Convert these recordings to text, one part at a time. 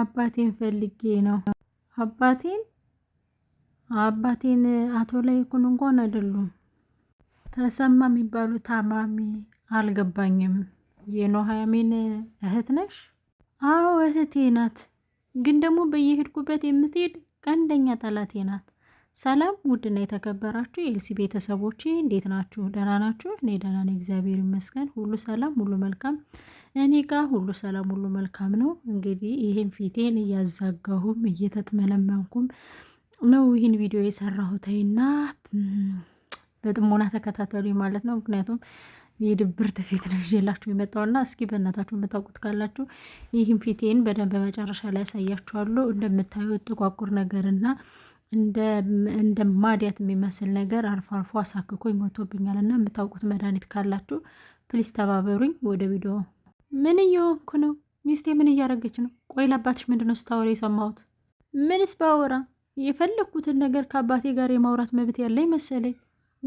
አባቴን ፈልጌ ነው። አባቴን አባቴን አቶ ላይኩን እንኳን አይደሉም ተሰማ የሚባሉ ታማሚ አልገባኝም። የኖሃያሜን እህት ነሽ? አዎ እህቴ ናት። ግን ደግሞ በየሄድኩበት የምትሄድ ቀንደኛ ጠላቴ ናት። ሰላም ውድና የተከበራችሁ የኤልሲ ቤተሰቦች እንዴት ናችሁ? ደህና ናችሁ? እኔ ደህና ነኝ፣ እግዚአብሔር ይመስገን። ሁሉ ሰላም፣ ሁሉ መልካም። እኔ ጋር ሁሉ ሰላም፣ ሁሉ መልካም ነው። እንግዲህ ይህን ፊቴን እያዛጋሁም እየተጥመለመንኩም ነው ይህን ቪዲዮ የሰራሁትና በጥሞና ተከታተሉ ማለት ነው። ምክንያቱም የድብርት ፊት ነው ይዤላችሁ የመጣውና እስኪ በእናታችሁ የምታውቁት ካላችሁ ይህም ፊቴን በደንብ መጨረሻ ላይ ያሳያችኋለሁ። እንደምታዩ ጥቋቁር ነገርና እንደ ማዲያት የሚመስል ነገር አልፎ አልፎ አሳክኮኝ ሞቶብኛል እና የምታውቁት መድኃኒት ካላችሁ ፕሊስ ተባበሩኝ። ወደ ቪዲዮ ምን እየሆንኩ ነው? ሚስቴ ምን እያደረገች ነው? ቆይ ለአባትሽ ምንድነው ነው ስታወራ የሰማሁት? ምንስ ባወራ የፈለግኩትን ነገር ከአባቴ ጋር የማውራት መብት ያለኝ መሰለኝ።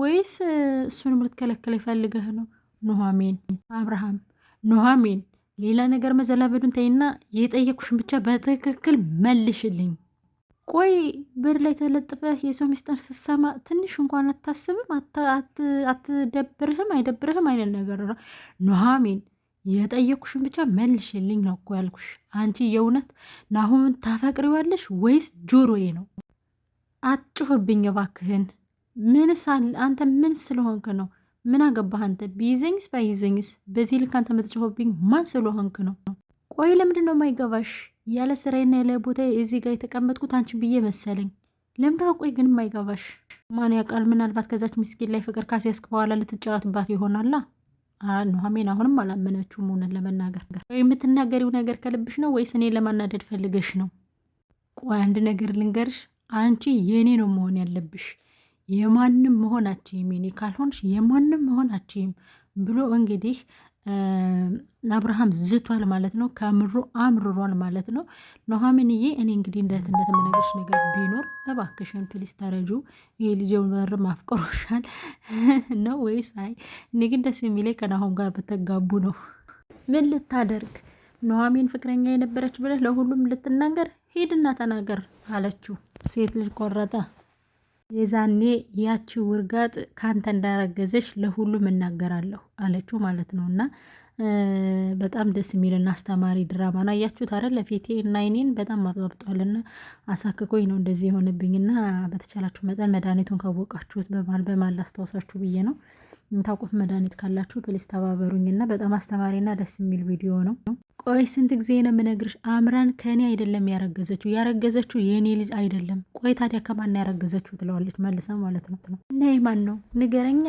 ወይስ እሱንም ልትከለክል ይፈልገህ ነው? ኑሐሚን አብርሃም፣ ኑሐሚን ሌላ ነገር መዘላበዱን ተይና፣ የጠየኩሽን ብቻ በትክክል መልሽልኝ። ቆይ ብር ላይ ተለጥፈህ የሰው ሚስጥር ስትሰማ ትንሽ እንኳን አታስብም? አትደብርህም? አይደብርህም አይነት ነገር ነው። ኑሐሚን የጠየኩሽን ብቻ መልሽልኝ ነው እኮ ያልኩሽ። አንቺ የእውነት ናሁምን ታፈቅሪዋለሽ ወይስ ጆሮዬ ነው? አትጩህብኝ እባክህን። ምንስ አንተ ምን ስለሆንክ ነው? ምን አገባህ አንተ? ቢይዘኝስ ባይዘኝስ በዚህ ልክ አንተ የምትጮህብኝ ማን ስለሆንክ ነው? ቆይ ለምንድን ነው የማይገባሽ? ያለ ስራዬና ያለ ቦታ እዚህ ጋር የተቀመጥኩት አንቺ ብዬ መሰለኝ። ለምንድን ነው ቆይ ግን የማይገባሽ? ማን ያውቃል? ምናልባት ከዛች ምስኪን ላይ ፍቅር ካስያዝክ በኋላ ልትጫወትባት ይሆናላ። ኑሐሚን አሁንም አላመነችውም። እውነት ለመናገር የምትናገሪው ነገር ከልብሽ ነው ወይስ እኔ ለማናደድ ፈልገሽ ነው? ቆይ አንድ ነገር ልንገርሽ፣ አንቺ የእኔ ነው መሆን ያለብሽ የማንም መሆን አችም የኔ ካልሆንሽ የማንም መሆን አችም ብሎ እንግዲህ አብርሃም ዝቷል ማለት ነው። ከምሩ አምርሯል ማለት ነው። ኑሐሚንዬ እኔ እንግዲህ እንደት እንደት የምነግርሽ ነገር ቢኖር እባክሽን ፕሊስ ተረጁ። የልጄውን በር ማፍቀሮሻል ነው ወይስ? አይ እኔ ግን ደስ የሚለኝ ከናሆም ጋር ብትጋቡ ነው። ምን ልታደርግ ኑሐሚን ፍቅረኛ የነበረች ብለህ ለሁሉም ልትናገር ሂድና ተናገር አለችው። ሴት ልጅ ቆረጠ። የዛኔ ያቺ ውርጋጥ ካንተ እንዳረገዘች ለሁሉም እናገራለሁ አለችው ማለት ነው እና በጣም ደስ የሚልና አስተማሪ ድራማ ነው። አያችሁት አይደል? ለፊቴ እና አይኔን በጣም አባብጧልና አሳክኮኝ ነው እንደዚህ የሆነብኝና በተቻላችሁ መጠን መድኃኒቱን ካወቃችሁት በማል በማል ላስታውሳችሁ ብዬ ነው። የምታውቁት መድኃኒት ካላችሁ ፕሊስ ተባበሩኝና በጣም አስተማሪና ደስ የሚል ቪዲዮ ነው። ቆይ ስንት ጊዜ ነው የምነግርሽ? አምራን ከእኔ አይደለም ያረገዘችው፣ ያረገዘችው የእኔ ልጅ አይደለም። ቆይ ታዲያ ከማን ያረገዘችው? ትለዋለች መልሰ ማለት ነው። እና የማን ነው ንገረኛ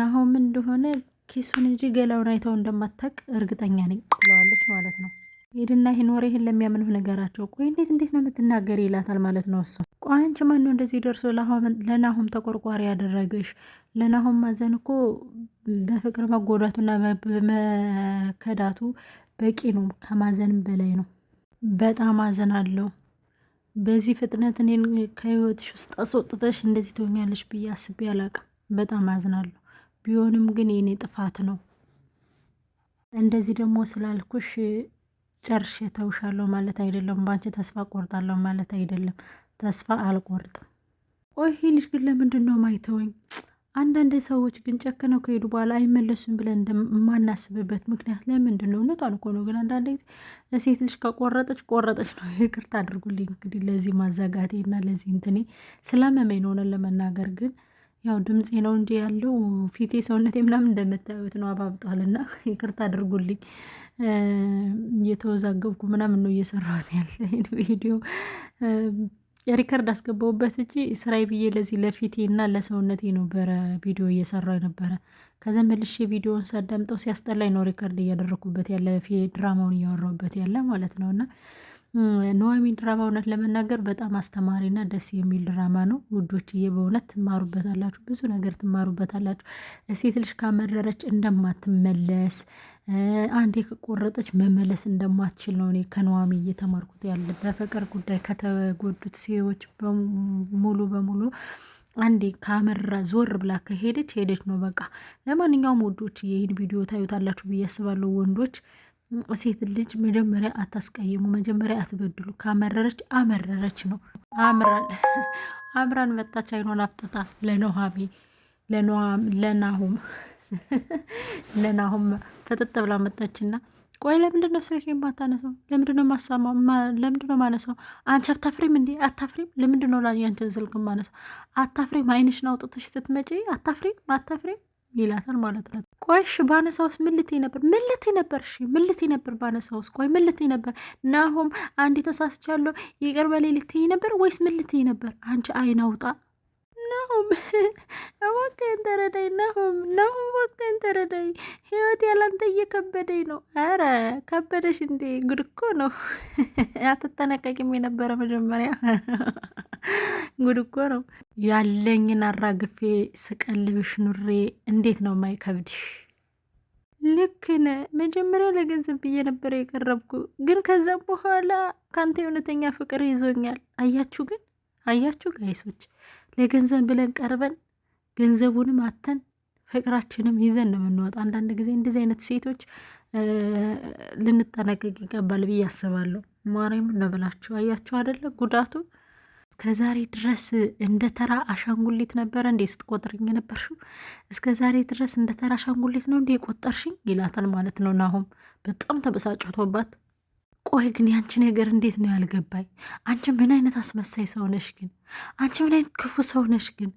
ናሆም እንደሆነ ኪሱን እንጂ ገላውን አይተው እንደማታቅ እርግጠኛ ነኝ ትለዋለች ማለት ነው። ሄድና ይህን ወሬ ይህን ለሚያምንህ ነገራቸው። ቆይ እንዴት እንዴት ነው የምትናገር ይላታል ማለት ነው። እሱ ቆይ አንቺ ማን ነው እንደዚህ ደርሶ ለናሆም ተቆርቋሪ ያደረገሽ? ለናሁም ማዘን እኮ በፍቅር መጎዳቱና መከዳቱ በቂ ነው፣ ከማዘንም በላይ ነው። በጣም አዘን አለው። በዚህ ፍጥነት እኔን ከህይወትሽ ውስጥ አስወጥተሽ እንደዚህ ትሆኛለሽ ብዬ አስቤ አላውቅም። በጣም አዝናለሁ። ቢሆንም ግን የኔ ጥፋት ነው። እንደዚህ ደግሞ ስላልኩሽ ጨርሼ ተውሻለሁ ማለት አይደለም። በአንቺ ተስፋ ቆርጣለሁ ማለት አይደለም። ተስፋ አልቆርጥም። ቆይ ይሄ ልጅ ግን ለምንድን ነው ማይተወኝ? አንዳንድ ሰዎች ግን ጨክነው ከሄዱ በኋላ አይመለሱም ብለን እንደማናስብበት ምክንያት ለምንድን ነው? እውነቷን እኮ ነው። ግን አንዳንድ ጊዜ ልጅ ከቆረጠች ቆረጠች ነው። ይቅርታ አድርጉልኝ እንግዲህ ለዚህ ማዘጋቴ እና ለዚህ እንትኔ ስላመመኝ ሆነን ለመናገር ግን ያው ድምፄ ነው እንጂ ያለው ፊቴ ሰውነቴ ምናምን እንደምታዩት ነው አባብጧል። እና ይቅርታ አድርጉልኝ እየተወዛገብኩ ምናምን ነው እየሰራሁት ያለ ቪዲዮ የሪከርድ አስገባውበት እጂ ስራዬ ብዬ ለዚህ ለፊቴ እና ለሰውነቴ ነው በረ ቪዲዮ እየሰራ ነበረ። ከዛ መልሼ ቪዲዮውን ሳዳምጠው ሲያስጠላኝ ነው ሪከርድ እያደረኩበት ያለ ድራማውን እያወራሁበት ያለ ማለት ነው እና ኑሐሚን ድራማ እውነት ለመናገር በጣም አስተማሪና ደስ የሚል ድራማ ነው ውዶችዬ። በእውነት ትማሩበታላችሁ፣ ብዙ ነገር ትማሩበታላችሁ። ሴት ልጅ ካመረረች እንደማትመለስ አንዴ ከቆረጠች መመለስ እንደማትችል ነው እኔ ከኑሐሚን እየተማርኩት ያለ። በፍቅር ጉዳይ ከተጎዱት ሴዎች ሙሉ በሙሉ አንዴ ካመራ ዞር ብላ ከሄደች ሄደች ነው በቃ። ለማንኛውም ውዶች ይህን ቪዲዮ ታዩታላችሁ ብዬ አስባለሁ ወንዶች ሴት ልጅ መጀመሪያ አታስቀይሙ፣ መጀመሪያ አትበድሉ። ካመረረች አመረረች ነው። አምራን አምራን መጣች አይኗን አፍጥታ ለነሃሜ ለናሁም ለናሁም ፈጠጥ ብላ መጣችና ቆይ ለምንድን ነው ስልክ የማታነሳው? ለምንድን ነው የማሰማው? ለምንድን ነው የማነሳው? አንቺ አታፍሪም እንዴ? አታፍሪም? ለምንድን ነው ያንቺን ስልክ የማነሳው? አታፍሪም? አይንሽን አውጥተሽ ስትመጪ አታፍሪም? አታፍሪም ይላታል ማለት ነው። ቆይሽ እሺ ባነሳውስ ምን ልትይ ነበር? ምን ልትይ ነበር? እሺ ምን ልትይ ነበር? ባነሳውስ ቆይ ምን ልትይ ነበር? ናሆም አንድ ተሳስቻለሁ ይቅር በለኝ ልትይ ነበር ወይስ ምን ልትይ ነበር? አንቺ አይናውጣ ናሆም እባክህን ተረዳኝ ናሆም ናሆም እባክህን ተረዳኝ፣ ህይወት ያላንተ እየከበደኝ ነው። አረ ከበደሽ እንዴ? ጉድ እኮ ነው። አትጠነቀቂም የነበረ መጀመሪያ ጉድ እኮ ነው። ያለኝን አራግፌ ስቀልብሽ ኑሬ እንዴት ነው ማይከብድሽ? ልክን መጀመሪያ ለገንዘብ ብዬ ነበረ የቀረብኩ፣ ግን ከዛም በኋላ ከአንተ የእውነተኛ ፍቅር ይዞኛል። አያችሁ ግን አያችሁ ጋይሶች ለገንዘብ ብለን ቀርበን ገንዘቡንም አተን ፍቅራችንም ይዘን ነው የምንወጣ። አንዳንድ ጊዜ እንደዚህ አይነት ሴቶች ልንጠነቀቅ ይገባል ብዬ አስባለሁ። ማርያምን ነው ብላችሁ አያችሁ አደለ ጉዳቱ ዛሬ ድረስ እንደ ተራ አሻንጉሊት ነበረ እንዴ ስትቆጥርኝ የነበርሽው? እስከ ዛሬ ድረስ እንደ ተራ አሻንጉሊት ነው እንዴ የቆጠርሽኝ? ይላታል ማለት ነው ናሆም በጣም ተበሳጭቶባት ቆይ ግን ያንቺ ነገር እንዴት ነው ያልገባኝ? አንቺ ምን አይነት አስመሳይ ሰው ነሽ ግን? አንቺ ምን አይነት ክፉ ሰው ነሽ ግን?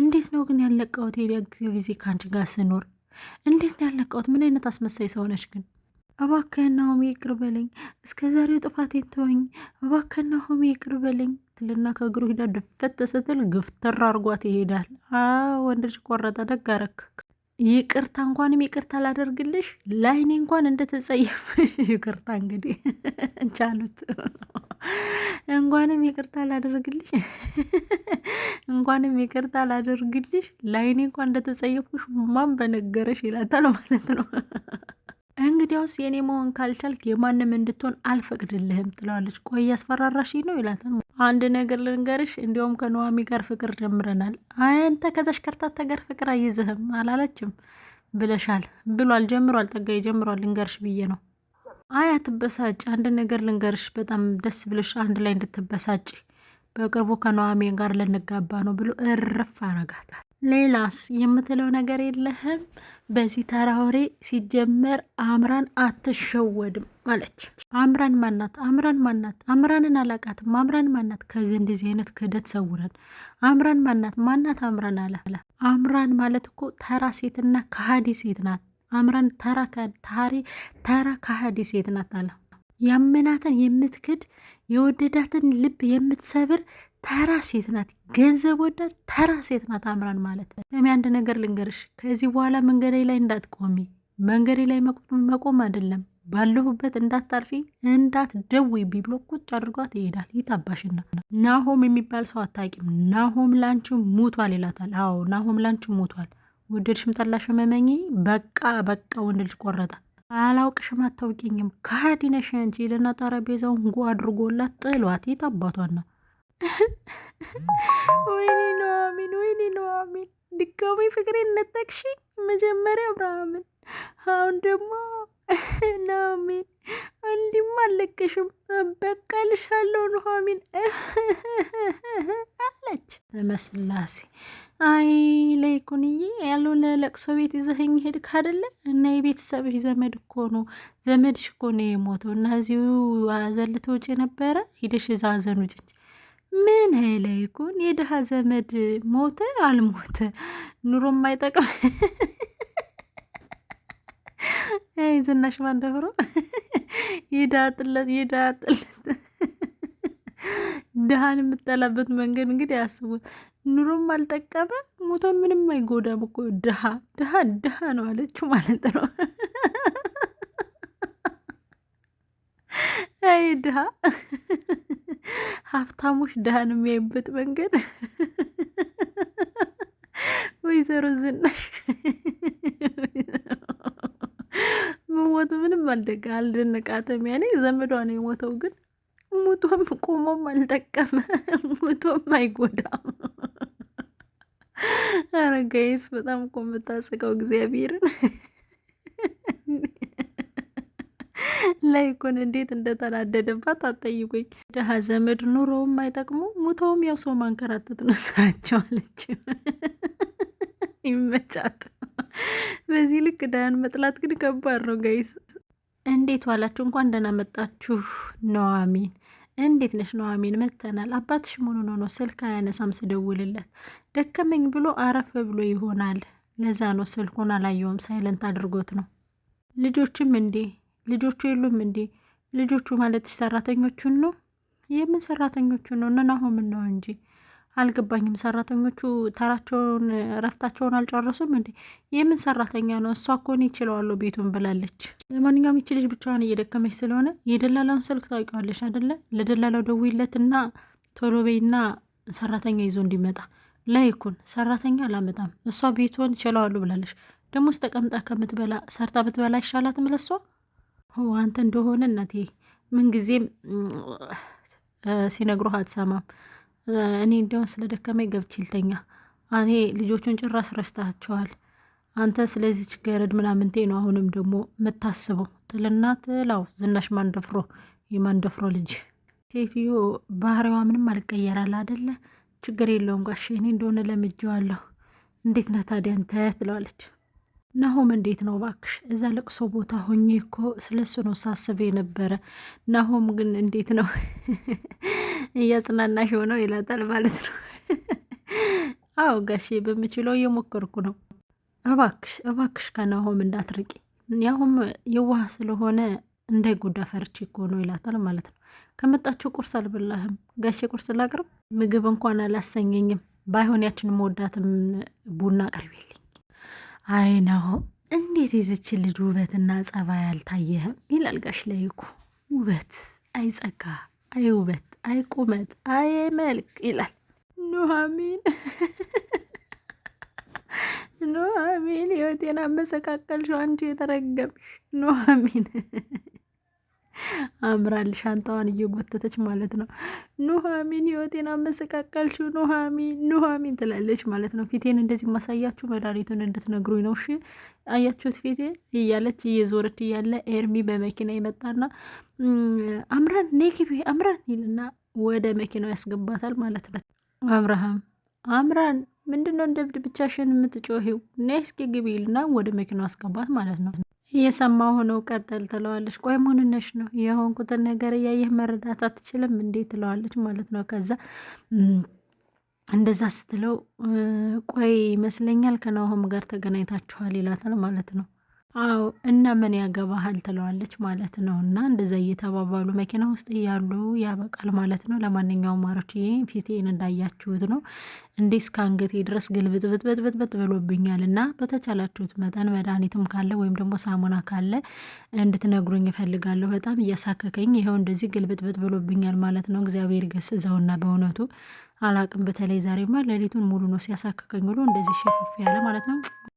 እንዴት ነው ግን ያለቀውት የሌላ ጊዜ ከአንቺ ጋር ስኖር እንዴት ነው ያለቀውት? ምን አይነት አስመሳይ ሰው ነሽ ግን? እባክህ ናሆሜ ይቅር በለኝ፣ እስከ ዛሬው ጥፋት የተወኝ እባክህ ናሆሜ ይቅር በለኝ ትልና ከእግሩ ሂዳ ደፈት ስትል ግፍትር አርጓት ይሄዳል። ወንድ ልጅ ቆረጠ። ደግ አደረክ። ይቅርታ እንኳንም ይቅርታ ላደርግልሽ ላይኔ እንኳን እንደተጸየፍ ይቅርታ እንግዲህ እንቻሉት እንኳንም ይቅርታ ላደርግልሽ እንኳንም ይቅርታ ላደርግልሽ ላይኔ እንኳን እንደተጸየፍሽ ማን በነገረሽ ይላታል ማለት ነው። እንግዲያውስ የእኔ መሆን ካልቻልክ የማንም እንድትሆን አልፈቅድልህም ትለዋለች። ቆይ ያስፈራራሽ ነው ይላታል። አንድ ነገር ልንገርሽ፣ እንዲሁም ከነዋሚ ጋር ፍቅር ጀምረናል። አንተ ከዛሽ ከርታታ ጋር ፍቅር አይዝህም አላለችም ብለሻል ብሏል። ጀምሯል፣ ጸጋዬ ጀምሯል። ልንገርሽ ብዬ ነው። አይ አትበሳጭ፣ አንድ ነገር ልንገርሽ፣ በጣም ደስ ብለሽ አንድ ላይ እንድትበሳጭ በቅርቡ ከነዋሚ ጋር ልንጋባ ነው ብሎ እርፍ አረጋታል። ሌላስ የምትለው ነገር የለህም? በዚህ ተራ ወሬ ሲጀመር አምራን አትሸወድም አለች። አምራን ማናት? አምራን ማናት? አምራንን አላቃትም። አምራን ማናት? ከዚህ እንደዚህ አይነት ክህደት ሰውረን። አምራን ማናት? ማናት? አምራን አለ። አምራን ማለት እኮ ተራ ሴትና ከሃዲ ሴት ናት። አምራን ተራ ተራ ከሃዲ ሴት ናት አለ ያመናትን የምትክድ የወደዳትን ልብ የምትሰብር ተራ ሴት ናት። ገንዘብ ወዳድ ተራ ሴት ናት አምራን ማለት። ነው። ስሚ አንድ ነገር ልንገርሽ፣ ከዚህ በኋላ መንገዴ ላይ እንዳትቆሚ። መንገዴ ላይ መቆም አይደለም ባለሁበት እንዳታርፊ እንዳትደውይብኝ ቢብሎ ቁጭ አድርጓት ይሄዳል። ይታባሽና ናሆም የሚባል ሰው አታውቂም። ናሆም ላንቺ ሙቷል ይላታል። አዎ ናሆም ላንቺ ሙቷል። ወደድሽም ጠላሽ መመኝ። በቃ በቃ ወንድ ልጅ ቆረጠ። አላውቅሽም አታውቂኝም ከሀዲ ነሽ አንቺ ይልና ጠረጴዛውን ጎ አድርጎላት ጥሏት የታባቷና ወይኔ ነው ኑሐሚን ወይኔ ኑሐሚን ድጋሚ ፍቅሬ ነጠቅሽ። መጀመሪያ አብርሃምን፣ አሁን ደግሞ ኑሐሚን። እንዲማ አለቅሽም በቀልሻለሁ ኑሐሚን አለች። በስላሴ አይ ለይኩንዬ ያልሆነ ለቅሶ ቤት ይዘኸኝ ሄድክ አይደለ? እና የቤተሰብሽ ዘመድ እኮ ነው ዘመድሽ እኮ ነው የሞተው እና እዚሁ አዘልቶ ውጭ ነበረ ሂደሽ እዛ አዘን ውጭ ምን ኃይለ ይኩን የድሃ ዘመድ ሞተ አልሞተ ኑሮ የማይጠቅም ዝናሽ ማን ደፍሮ ይዳጥለት ይዳጥለት ድሃን የምጠላበት መንገድ እንግዲህ አስቡት። ኑሮም አልጠቀመ ሞቶ ምንም አይጎዳም እኮ ድሃ ድሃ ድሃ ነው አለችው ማለት ነው። አይ ድሃ ሀብታሞች ድሃን የሚያዩበት መንገድ ወይዘሮ ዝናሽ መሞቱ ምንም አልደጋ አልደነቃትም። ያኔ ዘመዷ ነው የሞተው፣ ግን ሙቶም ቆሞም አልጠቀመ ሙቶም አይጎዳም። አረጋይስ በጣም እኮ የምታስቀው እግዚአብሔርን ላይኮን እንዴት እንደተናደደባት አጠይቁኝ። ድሀ ዘመድ ኑሮውም አይጠቅሙ ሙተውም ያው ሰው ማንከራተት ነው ስራቸው አለች። ይመቻት። በዚህ ልክ ዳያን መጥላት ግን ከባድ ነው ጋይስ። እንዴት ዋላችሁ? እንኳን ደህና መጣችሁ። ኑሐሚን እንዴት ነሽ ኑሐሚን? መተናል። አባትሽ መሆኑን ነው ስልክ አያነሳም። ስደውልለት ደከመኝ ብሎ አረፈ ብሎ ይሆናል። ለዛ ነው ስልኩን አላየውም፣ ሳይለንት አድርጎት ነው። ልጆችም እንዴ ልጆቹ የሉም እንዴ? ልጆቹ ማለት ሰራተኞቹን ነው? የምን ሰራተኞቹን ነው? እነን አሁን ምን ነው እንጂ አልገባኝም። ሰራተኞቹ ተራቸውን ረፍታቸውን አልጨረሱም እንዴ? የምን ሰራተኛ ነው? እሷ እኮ እኔ ይችለዋለሁ ቤቱን ብላለች። ለማንኛውም ይች ልጅ ብቻዋን እየደከመች ስለሆነ የደላላውን ስልክ ታውቂዋለሽ አይደለ? ለደላላው ደውይለትና ቶሎ በይና ሰራተኛ ይዞ እንዲመጣ ላይኩን ሰራተኛ አላመጣም። እሷ ቤቱን ይችለዋሉ ብላለች። ደግሞ ውስጥ ተቀምጣ ከምትበላ ሰርታ ብትበላ ይሻላት ምለሷ አንተ እንደሆነ እናቴ ምንጊዜም ሲነግሮህ አትሰማም። እኔ እንዲያውም ስለደከመኝ ገብቼ ይልተኛ እኔ ልጆቹን ጭራስ ረስታቸዋል። አንተ። ስለዚች ገረድ ምናምንቴ ነው አሁንም ደግሞ የምታስበው። ጥልና ጥላው ዝናሽ ማንደፍሮ የማንደፍሮ ልጅ ሴትዮ ባህሪዋ ምንም አልቀየራል አደለ? ችግር የለውም ጋሼ፣ እኔ እንደሆነ ለምጄዋለሁ። እንዴት ነህ ታዲያ አንተ ትለዋለች። ናሆም እንዴት ነው ባክሽ? እዛ ለቅሶ ቦታ ሆኜ እኮ ስለሱ ነው ሳስብ የነበረ። ናሆም ግን እንዴት ነው እያጽናናሽ ሆነው ይላታል ማለት ነው። አዎ ጋሼ በምችለው እየሞከርኩ ነው። እባክሽ እባክሽ ከናሆም እንዳትርቂ፣ ያሁም የዋህ ስለሆነ እንዳይጎዳ ፈርቼ እኮ ነው ይላታል ማለት ነው። ከመጣችሁ ቁርስ አልበላህም ጋሼ? ቁርስ ላቅርብ? ምግብ እንኳን አላሰኘኝም። ባይሆን ያችን መወዳትም ቡና አቅርቢልኝ አይ ነው እንዴት የዘችን ልጅ ውበትና ጸባይ አልታየህም? ይላል ጋሽ ላይ ውበት አይ ጸጋ አይ ውበት አይ ቁመት አይ መልክ ይላል ኑሐሚን ኑሐሚን፣ ህይወቴን አመሰቃቀልሽው አንቺ የተረገምሽ ኑሐሚን አምራል ሻንጣዋን እየጎተተች ማለት ነው። ኑሃሚን ህይወቴን አመሰቃቀልሽው፣ ኑሃሚን ኑሃሚን ትላለች ማለት ነው። ፊቴን እንደዚህ ማሳያችሁ መድኃኒቱን እንድትነግሩኝ ነው እሺ። አያችሁት ፊቴ እያለች እየዞረች እያለ ኤርሚ በመኪና ይመጣና አምራን ነይ ግቢ አምራን ይልና ወደ መኪናው ያስገባታል ማለት ነው። አብርሃም አምራን ምንድነው ነው እንደብድ ብቻሽን የምትጮሂው? ነይ እስኪ ግቢ ይልና ወደ መኪናው ያስገባት ማለት ነው። እየሰማሁ ነው ቀጠል ትለዋለች። ቆይ ምን ነው የሆንኩትን ነገር እያየህ መረዳት አትችልም እንዴ ትለዋለች ማለት ነው። ከዛ እንደዛ ስትለው ቆይ ይመስለኛል ከናሆም ጋር ተገናኝታችኋል ይላታል ማለት ነው። አዎ እና ምን ያገባሃል ትለዋለች ማለት ነው። እና እንደዛ እየተባባሉ መኪና ውስጥ እያሉ ያበቃል ማለት ነው። ለማንኛውም ማሮችዬ ፊቴን እንዳያችሁት ነው እንዲህ እስከ አንገቴ ድረስ ግልብጥብጥብጥብጥ ብሎብኛል። እና በተቻላችሁት መጠን መድኃኒትም ካለ ወይም ደግሞ ሳሙና ካለ እንድትነግሩኝ እፈልጋለሁ። በጣም እያሳከከኝ ይኸው እንደዚህ ግልብጥብጥ ብሎብኛል ማለት ነው። እግዚአብሔር ገስጸውና በእውነቱ አላቅም። በተለይ ዛሬማ ሌሊቱን ሙሉ ነው ሲያሳከከኝ ብሎ እንደዚህ ሸፍፍ ያለ ማለት ነው።